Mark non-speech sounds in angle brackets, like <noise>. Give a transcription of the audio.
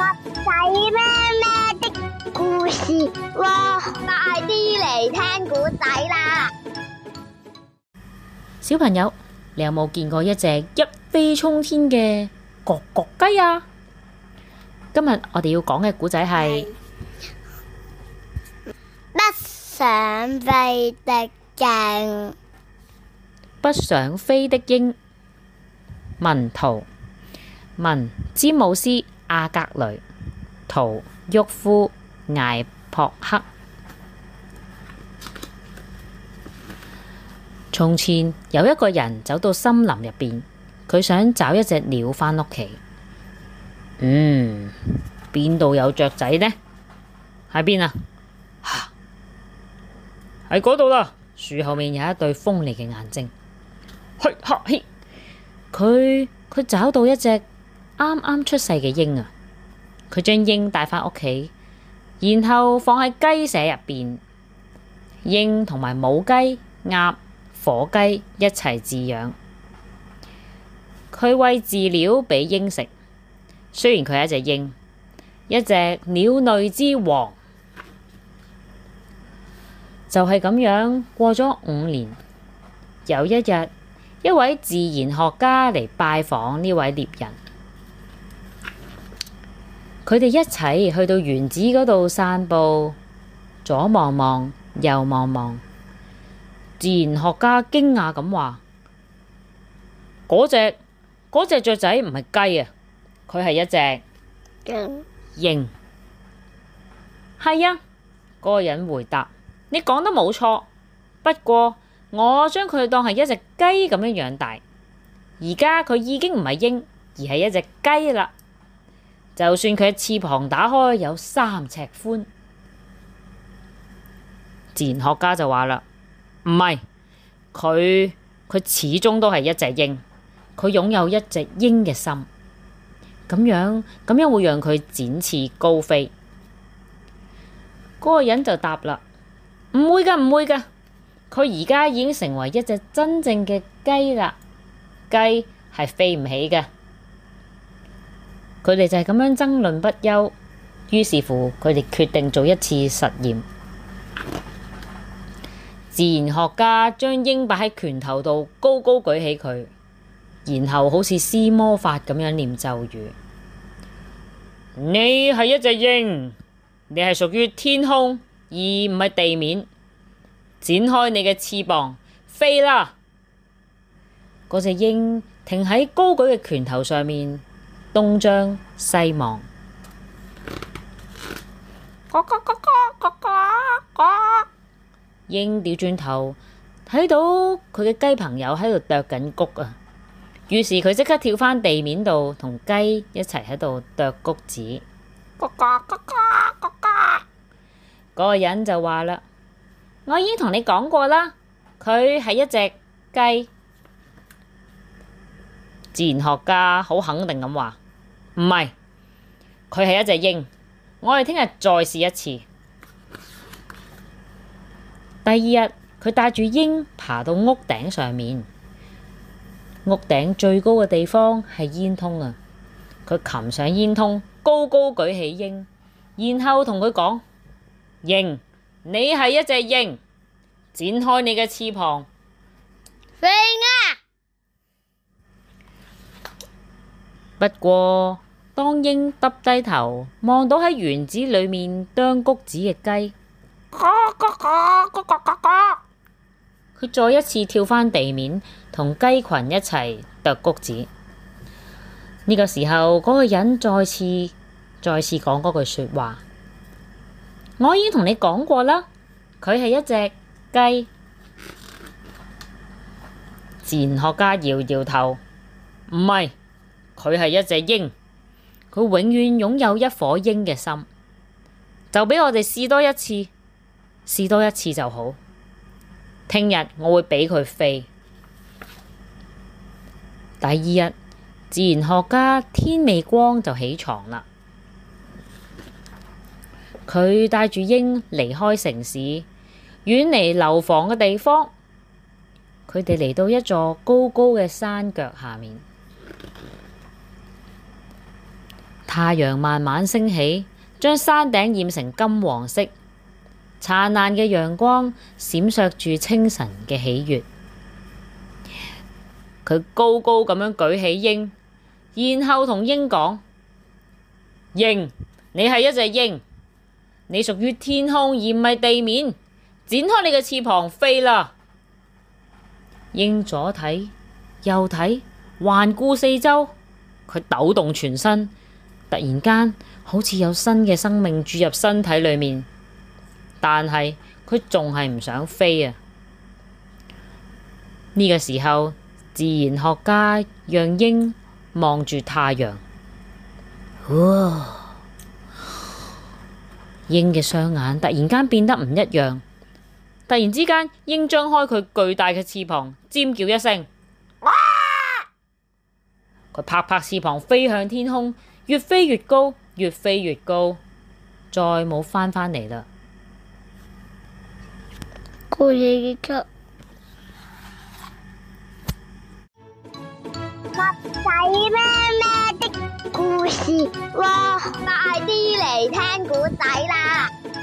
仔咩咩的故事，哇！快啲嚟聽古仔啦，小朋友，你有冇見過一隻一飛沖天嘅咯咯雞啊？今日我哋要講嘅古仔係不想飛的鷹，不想飛的鷹，文圖文詹姆斯。阿格雷圖沃夫艾卜赫。從前有一個人走到森林入邊，佢想找一隻鳥返屋企。嗯，邊度有雀仔呢？喺邊啊？喺嗰度啦！樹後面有一對鋒利嘅眼睛。去吓嘿！佢佢找到一隻。啱啱出世嘅鷹啊，佢將鷹帶返屋企，然後放喺雞舍入邊，鷹同埋母雞、鴨、火雞一齊飼養。佢餵飼料俾鷹食，雖然佢係一隻鷹，一隻鳥類之王，就係咁樣過咗五年。有一日，一位自然學家嚟拜訪呢位獵人。佢哋一齊去到園子嗰度散步，左望望，右望望。自然學家驚訝咁話：「嗰隻嗰隻雀仔唔係雞啊，佢係一隻鷹。」係啊，嗰個人回答：「你講得冇錯，不過我將佢當係一隻雞咁樣養大，而家佢已經唔係鷹，而係一隻雞啦。」就算佢翅膀打開有三尺寬，自然學家就話啦，唔係佢，佢始終都係一隻鷹，佢擁有一隻鷹嘅心，咁樣，咁樣會讓佢展翅高飛。嗰、那個人就答啦，唔會噶，唔會噶，佢而家已經成為一隻真正嘅雞啦，雞係飛唔起嘅。佢哋就係咁樣爭論不休，於是乎佢哋決定做一次實驗。自然學家將鷹擺喺拳頭度，高高舉起佢，然後好似施魔法咁樣念咒語：「你係一隻鷹，你係屬於天空而唔係地面。展開你嘅翅膀，飛啦！」嗰隻鷹停喺高舉嘅拳頭上面。東張西望，咕咕咕咕咕咕咕。鷹掉轉頭，睇到佢嘅雞朋友喺度啄緊谷啊！於是佢即刻跳返地面度，同雞一齊喺度啄谷子。咕咕咕咕咕咕。嗰個人就話啦：我已經同你講過啦，佢係一隻雞。自然學家好肯定咁話，唔係，佢係一隻鷹。我哋聽日再試一次。第二日，佢帶住鷹爬到屋頂上面。屋頂最高嘅地方係煙囪啊！佢擒上煙囪，高高舉起鷹，然後同佢講：鷹，你係一隻鷹，展開你嘅翅膀，飛啊！不過，當鷹耷低頭望到喺園子裏面啄谷子嘅雞，咯咯咯咯咯咯，佢再一次跳返地面，同雞群一齊啄谷子。呢個時候，嗰個人再次再次講嗰句說話：「我已經同你講過啦，佢係一隻雞。自然學家搖搖頭，唔係。佢係一隻鷹，佢永遠擁有一顆鷹嘅心，就俾我哋試多一次，試多一次就好。聽日我會俾佢飛。第二日，自然學家天未光就起床啦，佢帶住鷹離開城市，遠離樓房嘅地方，佢哋嚟到一座高高嘅山腳下面。太陽慢慢升起，將山頂染成金黃色。燦爛嘅陽光閃爍住清晨嘅喜悦。佢高高咁樣舉起鷹，然後同鷹講：鷹，你係一隻鷹，你屬於天空而唔係地面。展開你嘅翅膀，飛啦！鷹左睇右睇，環顧四周，佢抖動全身。突然間，好似有新嘅生命注入身體裏面，但係佢仲係唔想飛啊！呢、這個時候，自然學家讓鷹望住太陽，呼！Wow. 鷹嘅雙眼突然間變得唔一樣，突然之間，鷹張開佢巨大嘅翅膀，尖叫一聲。拍拍翅膀飛向天空，越飛越高，越飛越高，再冇翻返嚟啦。故事劇，襪 <noise> 仔咩咩的故事喎，哇 <noise> 快啲嚟聽古仔啦！